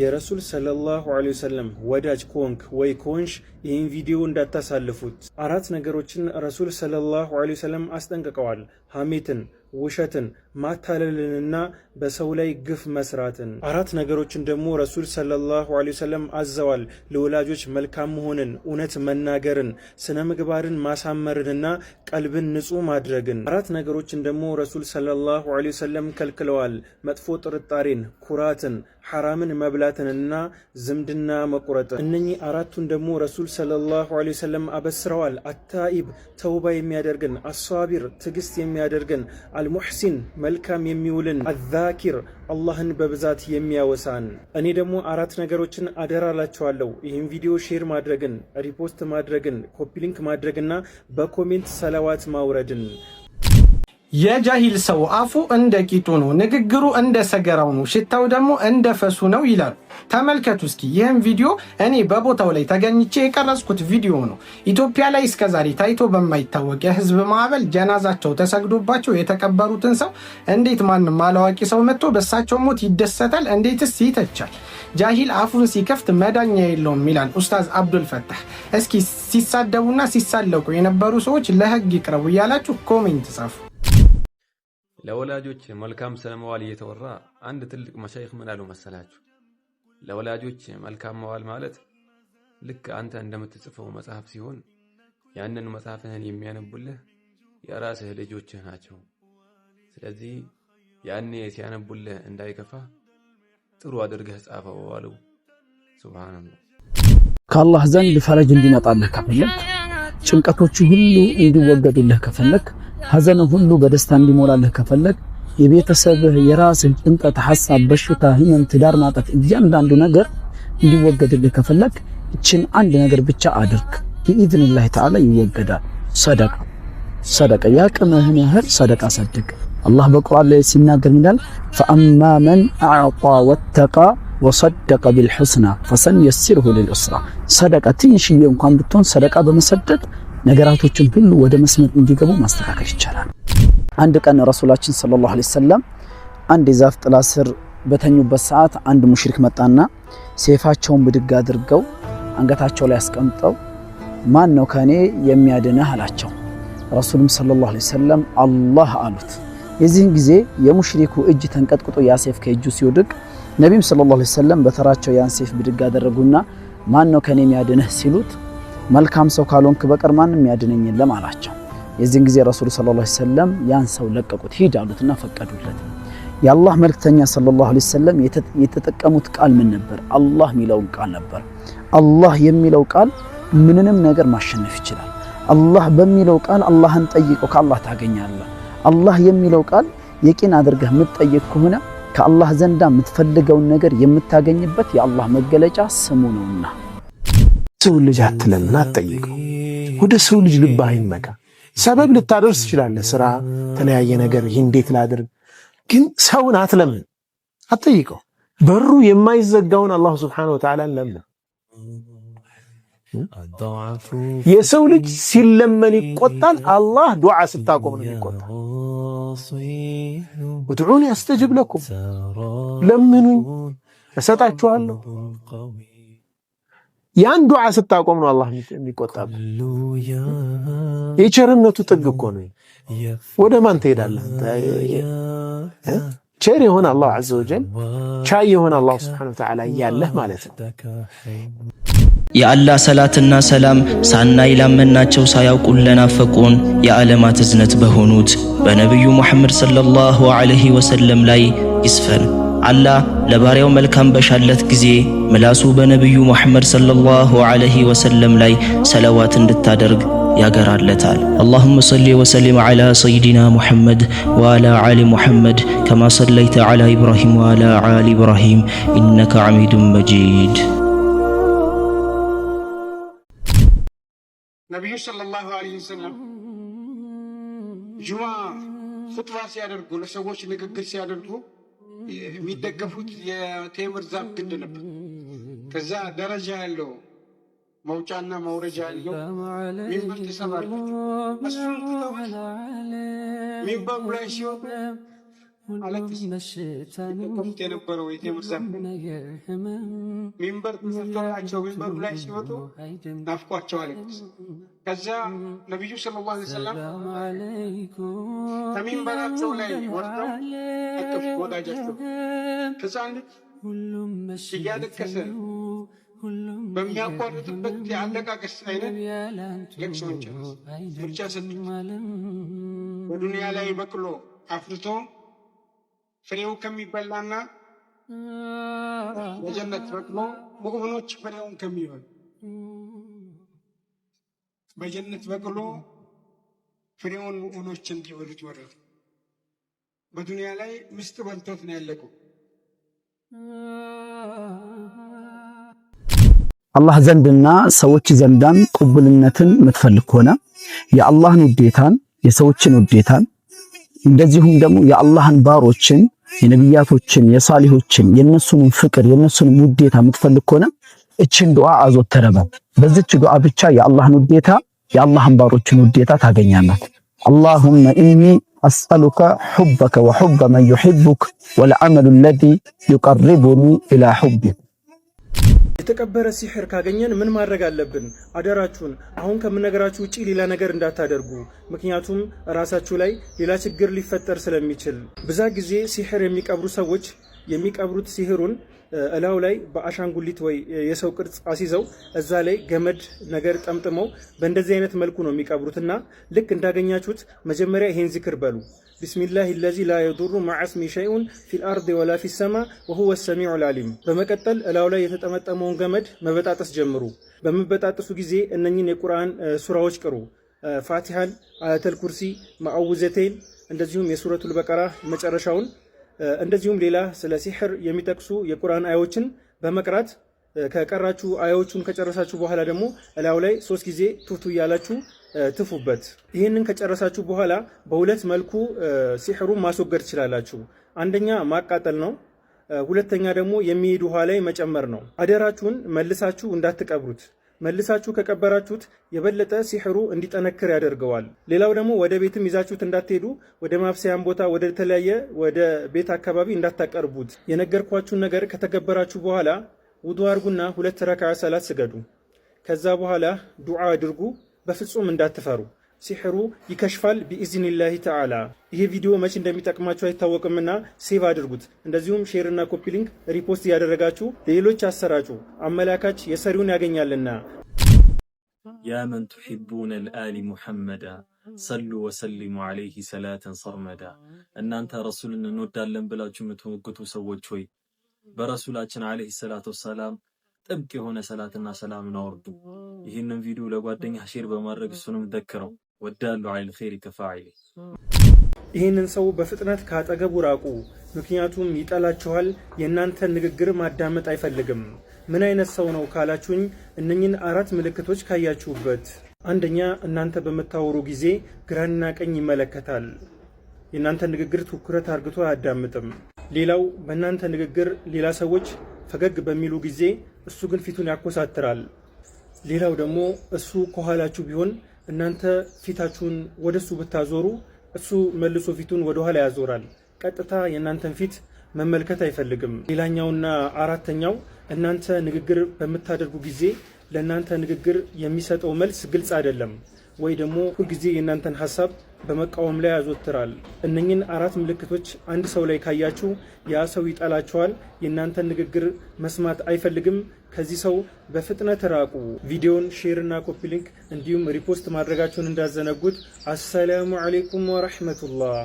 የረሱል ሰለላሁ ዐለይሂ ወሰለም ወዳጅ ኮንክ ወይ ኮንሽ ይህን ቪዲዮ እንዳታሳልፉት። አራት ነገሮችን ረሱል ሰለላሁ ዐለይሂ ወሰለም አስጠንቅቀዋል፦ ሐሜትን፣ ውሸትን፣ ማታለልንና በሰው ላይ ግፍ መስራትን። አራት ነገሮችን ደግሞ ረሱል ሰለላሁ ዐለይሂ ወሰለም አዘዋል። ለወላጆች መልካም መሆንን፣ እውነት መናገርን፣ ስነ ምግባርን ማሳመርንና ቀልብን ንጹህ ማድረግን። አራት ነገሮችን ደግሞ ረሱል ሰለላሁ ዐለይሂ ወሰለም ከልክለዋል። መጥፎ ጥርጣሬን፣ ኩራትን፣ ሐራምን መብላትንና ዝምድና መቁረጥን። እነኚህ አራቱን ደግሞ ረሱል ሰለላሁ ዐለይሂ ወሰለም አበስረዋል። አታኢብ ተውባ የሚያደርግን፣ አሳቢር ትዕግስት የሚያደርግን፣ አልሙሕሲን መልካም የሚውልን ዛኪር አላህን በብዛት የሚያወሳን። እኔ ደግሞ አራት ነገሮችን አደራ ይህም ቪዲዮ ሼር ማድረግን፣ ሪፖስት ማድረግን፣ ኮፒሊንክ ሊንክ ማድረግና በኮሜንት ሰለዋት ማውረድን የጃሂል ሰው አፉ እንደ ቂጡ ነው፣ ንግግሩ እንደ ሰገራው ነው፣ ሽታው ደግሞ እንደ ፈሱ ነው ይላሉ። ተመልከቱ እስኪ ይህም ቪዲዮ እኔ በቦታው ላይ ተገኝቼ የቀረጽኩት ቪዲዮ ነው። ኢትዮጵያ ላይ እስከዛሬ ታይቶ በማይታወቅ የህዝብ ማዕበል ጀናዛቸው ተሰግዶባቸው የተቀበሩትን ሰው እንዴት ማንም አላዋቂ ሰው መጥቶ በሳቸው ሞት ይደሰታል? እንዴትስ ይተቻል? ጃሂል አፉን ሲከፍት መዳኛ የለውም ይላል ኡስታዝ አብዱልፈታህ። እስኪ ሲሳደቡና ሲሳለቁ የነበሩ ሰዎች ለህግ ይቅረቡ እያላችሁ ኮሜንት ጻፉ። ለወላጆች መልካም ስለመዋል እየተወራ አንድ ትልቅ መሻይክ ምን አሉ መሰላችሁ? ለወላጆች መልካም መዋል ማለት ልክ አንተ እንደምትጽፈው መጽሐፍ ሲሆን ያንን መጽሐፍህን የሚያነቡልህ የራስህ ልጆችህ ናቸው። ስለዚህ ያኔ ሲያነቡልህ እንዳይከፋ ጥሩ አድርገህ ጻፈው አሉ። ሱብሃንአላህ። ከአላህ ዘንድ ፈረጅ እንዲመጣልህ ከፈለግ ጭንቀቶቹ ሁሉ እንዲወገዱልህ ከፈለግ ሐዘን ሁሉ በደስታ እንዲሞላልህ ከፈለግ የቤተሰብህ፣ የራስህ ጭንቀት፣ ሐሳብ፣ በሽታ፣ ህመም፣ ትዳር ማጣት፣ እያንዳንዱ ነገር እንዲወገድልህ ከፈለግ እችን አንድ ነገር ብቻ አድርግ። ቢኢዝኒላህ ተዓላ ይወገዳል። ሰደቃ ሰደቃ፣ ያቅምህን ያህል ሰደቃ ሰድቅ። አላህ በቁርአን ላይ ሲናገር ይላል ፈአማ መን አዕጣ ወተቃ ወሰደቀ ቢልሑስና ፈሰንየሲርሁ ሊልዑስራ። ሰደቃ ትንሽዬ እንኳን ብትሆን ሰደቃ በመሰደቅ ነገራቶችን ሁሉ ወደ መስመር እንዲገቡ ማስተካከል ይቻላል። አንድ ቀን ረሱላችን ሰለላሁ ዐለይሂ ወሰለም አንድ የዛፍ ጥላ ስር በተኙበት ሰዓት አንድ ሙሽሪክ መጣና ሴፋቸውን ብድግ አድርገው አንገታቸው ላይ አስቀምጠው ማን ነው ከኔ የሚያድነህ አላቸው። ረሱሉም ሰለላሁ ዐለይሂ ወሰለም አላህ አሉት። የዚህን ጊዜ የሙሽሪኩ እጅ ተንቀጥቅጦ ያ ሴፍ ከእጁ ሲወድቅ ነቢም ሰለላሁ ዐለይሂ ወሰለም በተራቸው ያን ሴፍ ብድግ አደረጉና ማን ነው ከኔ የሚያድነህ ሲሉት መልካም ሰው ካልሆንክ በቀር ማንም ያድነኝ የለም አላቸው። የዚህን ጊዜ ረሱሉ ሰለላሁ ዐለይሂ ወሰለም ያን ሰው ለቀቁት፣ ሂድ አሉትና ፈቀዱለት። የአላህ መልክተኛ ሰለላሁ ዐለይሂ ወሰለም የተጠቀሙት ቃል ምን ነበር? አላህ የሚለውን ቃል ነበር። አላህ የሚለው ቃል ምንንም ነገር ማሸነፍ ይችላል። አላህ በሚለው ቃል አላህን ጠይቀው ከአላህ ታገኛለህ። አላህ የሚለው ቃል የቂን አድርገህ የምትጠይቅ ከሆነ ከአላህ ዘንዳ የምትፈልገውን ነገር የምታገኝበት የአላህ መገለጫ ስሙ ነውና ሰው ልጅ አትለምን፣ አትጠይቀው። ወደ ሰው ልጅ ልብ አይመካ። ሰበብ ልታደርስ ትችላለህ፣ ስራ፣ ተለያየ ነገር፣ ይህ እንዴት ላድርግ፣ ግን ሰውን አትለምን፣ አትጠይቀው። በሩ የማይዘጋውን አላህ ሱብሓነሁ ወተዓላ ለምን። የሰው ልጅ ሲለመን ይቆጣል፣ አላህ ዱዓ ስታቆም ነው ይቆጣል። ወድዑኒ አስተጅብ ለኩም፣ ለምኑኝ እሰጣችኋለሁ። ያን ዱዓ ስታቆም ነው አላህ የሚቆጣብ። የቸርነቱ ጥግ እኮ ነው። ወደ ማን ትሄዳለህ? ቸር የሆነ አላህ ዐዘ ወጀል፣ ቻይ የሆነ አላህ ሱብሓነሁ ወተዓላ እያለህ ማለት ነው። የአላህ ሰላትና ሰላም ሳናይ ላመናቸው ሳያውቁን ለናፈቁን የዓለማት እዝነት በሆኑት በነቢዩ ሙሐመድ ሰለላሁ ዐለይሂ ወሰለም ላይ ይስፈን። አላህ ለባሪያው መልካም በሻለት ጊዜ ምላሱ በነቢዩ ሙሐመድ ሰለላሁ ዐለይሂ ወሰለም ላይ ሰለዋት እንድታደርግ ያገራለታል። አላሁመ ሰሊ ወሰሊም ዓላ ሰይዲና ሙሐመድ ወዐላ አሊ ሙሐመድ ከማ ሰለይተ ዐላ ኢብራሂም ወዐላ አሊ ኢብራሂም ኢነከ ሐሚዱን መጂድ። ነቢዩ ሰለላሁ ዐለይሂ ወሰለም ጁማ ኹጥባ ሲያደርጉ ለሰዎች ንግግር ሲያደርጉ የሚደገፉት የቴምር ዛፍ ግንድ ነበር። ከዛ ደረጃ ያለው መውጫና መውረጃ ያለው ሚንበር ትሰራላችሁ። እሱ ሚንበሩ ላይ ሲሆን ተከፍት የነበረው የቴምር ዘመን ሚንበር ተሰርቶላቸው ሚንበሩ ላይ ሲወጡ ናፍቋቸው ከዚያ ነቢዩ ሰለላሁ ዐለይሂ ወሰለም ከሚንበራቸው ላይ ወርደው አቀፉ። ወዳጃቸው ልጅ እያለቀሰ በሚያቋርጥበት የአለቃቀስ አይነት ምርጫ ሰጡት። በዱንያ ላይ በቅሎ አፍርቶ ፍሬው ከሚበላና በጀነት በቅሎ ሙእምኖች ፍሬውን ከሚበሉ በጀነት በቅሎ ፍሬውን ሙእምኖች እንዲበሉት ወረዱ። በዱንያ ላይ ምስጥ በልቶት ነው ያለቁ። አላህ ዘንድና ሰዎች ዘንዳም ቁብልነትን የምትፈልግ ከሆነ የአላህን ውዴታን የሰዎችን ውዴታን እንደዚሁም ደግሞ የአላህን ባሮችን የነቢያቶችን የሳሊሆችን የነሱንም ፍቅር የነሱንም ውዴታ የምትፈልግ ከሆነ እችን ዱዓ አዞተረበ። በዚች ዱዓ ብቻ የአላህን ውዴታ የአላህን ባሮችን ውዴታ ታገኛላት። አላሁመ ኢኒ አስአሉከ ሑበከ ወሑበ መን ዩሕቡክ ወልዓመሉ አለዚ ዩቀርቡኒ ኢላ ሑቢክ የተቀበረ ሲሕር ካገኘን ምን ማድረግ አለብን? አደራችሁን አሁን ከምነገራችሁ ውጪ ሌላ ነገር እንዳታደርጉ። ምክንያቱም ራሳችሁ ላይ ሌላ ችግር ሊፈጠር ስለሚችል። ብዛ ጊዜ ሲሕር የሚቀብሩ ሰዎች የሚቀብሩት ሲህሩን እላው ላይ በአሻንጉሊት ወይ የሰው ቅርጽ አስይዘው እዛ ላይ ገመድ ነገር ጠምጥመው በእንደዚህ አይነት መልኩ ነው የሚቀብሩት። እና ልክ እንዳገኛችሁት መጀመሪያ ይሄን ዚክር በሉ። ቢስሚላህ ለዚ ላ የዱሩ ማዓስሚ ሸይኡን ፊል ወላ ፊ ሰማ ወሁወ ሰሚዑ ልዓሊም። በመቀጠል እላው ላይ የተጠመጠመውን ገመድ መበጣጠስ ጀምሩ። በመበጣጠሱ ጊዜ እነኝን የቁርአን ሱራዎች ቅሩ። ፋቲሃን፣ አያተል ኩርሲ፣ ማአውዘቴን እንደዚሁም የሱረቱል በቀራ መጨረሻውን እንደዚሁም ሌላ ስለ ሲሕር የሚጠቅሱ የቁርአን አዮችን በመቅራት ከቀራችሁ አያዎቹን ከጨረሳችሁ በኋላ ደግሞ እላዩ ላይ ሶስት ጊዜ ትፍቱ እያላችሁ ትፉበት። ይህንን ከጨረሳችሁ በኋላ በሁለት መልኩ ሲሕሩን ማስወገድ ትችላላችሁ። አንደኛ ማቃጠል ነው። ሁለተኛ ደግሞ የሚሄድ ውሃ ላይ መጨመር ነው። አደራችሁን መልሳችሁ እንዳትቀብሩት። መልሳችሁ ከቀበራችሁት የበለጠ ሲሕሩ እንዲጠነክር ያደርገዋል። ሌላው ደግሞ ወደ ቤትም ይዛችሁት እንዳትሄዱ፣ ወደ ማብሰያም ቦታ ወደ ተለያየ ወደ ቤት አካባቢ እንዳታቀርቡት። የነገርኳችሁን ነገር ከተገበራችሁ በኋላ ውዱ አድርጉና ሁለት ረካ ሰላት ስገዱ። ከዛ በኋላ ዱዓ አድርጉ፣ በፍጹም እንዳትፈሩ። ሲሕሩ ይከሽፋል ቢኢዝኒላሂ ተዓላ። ይሄ ቪዲዮ መቼ እንደሚጠቅማችሁ አይታወቅምና ሴቭ አድርጉት። እንደዚሁም ሼርና ኮፒ ሊንክ ሪፖስት እያደረጋችሁ ሌሎች አሰራጩ። አመላካች የሰሪውን ያገኛልና። ያ መን ቱሒቡነ ልአሊ ሙሐመዳ ሰሉ ወሰሊሙ ዓለይህ ሰላተን ሰርመዳ። እናንተ ረሱልን እንወዳለን ብላችሁ የምትሞግቱ ሰዎች ሆይ በረሱላችን ዓለይህ ሰላት ወሰላም ጥብቅ የሆነ ሰላትና ሰላምን አውርዱ። ይህንን ቪዲዮ ለጓደኛ ሼር በማድረግ እሱንም ደክረው። ወዳሉ አይን ኸይር ከፋዒሊ ይህንን ሰው በፍጥነት ካጠገቡ ራቁ፣ ምክንያቱም ይጠላችኋል፣ የእናንተን ንግግር ማዳመጥ አይፈልግም። ምን አይነት ሰው ነው ካላችሁኝ፣ እነኝን አራት ምልክቶች ካያችሁበት፣ አንደኛ እናንተ በምታወሩ ጊዜ ግራና ቀኝ ይመለከታል። የእናንተ ንግግር ትኩረት አርግቶ አያዳምጥም። ሌላው በእናንተ ንግግር ሌላ ሰዎች ፈገግ በሚሉ ጊዜ እሱ ግን ፊቱን ያኮሳትራል። ሌላው ደግሞ እሱ ከኋላችሁ ቢሆን እናንተ ፊታችሁን ወደ እሱ ብታዞሩ እሱ መልሶ ፊቱን ወደኋላ ያዞራል። ቀጥታ የእናንተን ፊት መመልከት አይፈልግም። ሌላኛውና አራተኛው እናንተ ንግግር በምታደርጉ ጊዜ ለእናንተ ንግግር የሚሰጠው መልስ ግልጽ አይደለም። ወይ ደግሞ ሁልጊዜ የእናንተን ሀሳብ በመቃወም ላይ ያዘወትራል። እነኝን አራት ምልክቶች አንድ ሰው ላይ ካያችሁ ያ ሰው ይጠላችኋል፣ የእናንተን ንግግር መስማት አይፈልግም። ከዚህ ሰው በፍጥነት ራቁ። ቪዲዮን ሼር እና ኮፒ ሊንክ እንዲሁም ሪፖስት ማድረጋችሁን እንዳዘነጉት። አሰላሙ አሌይኩም ወረህመቱላህ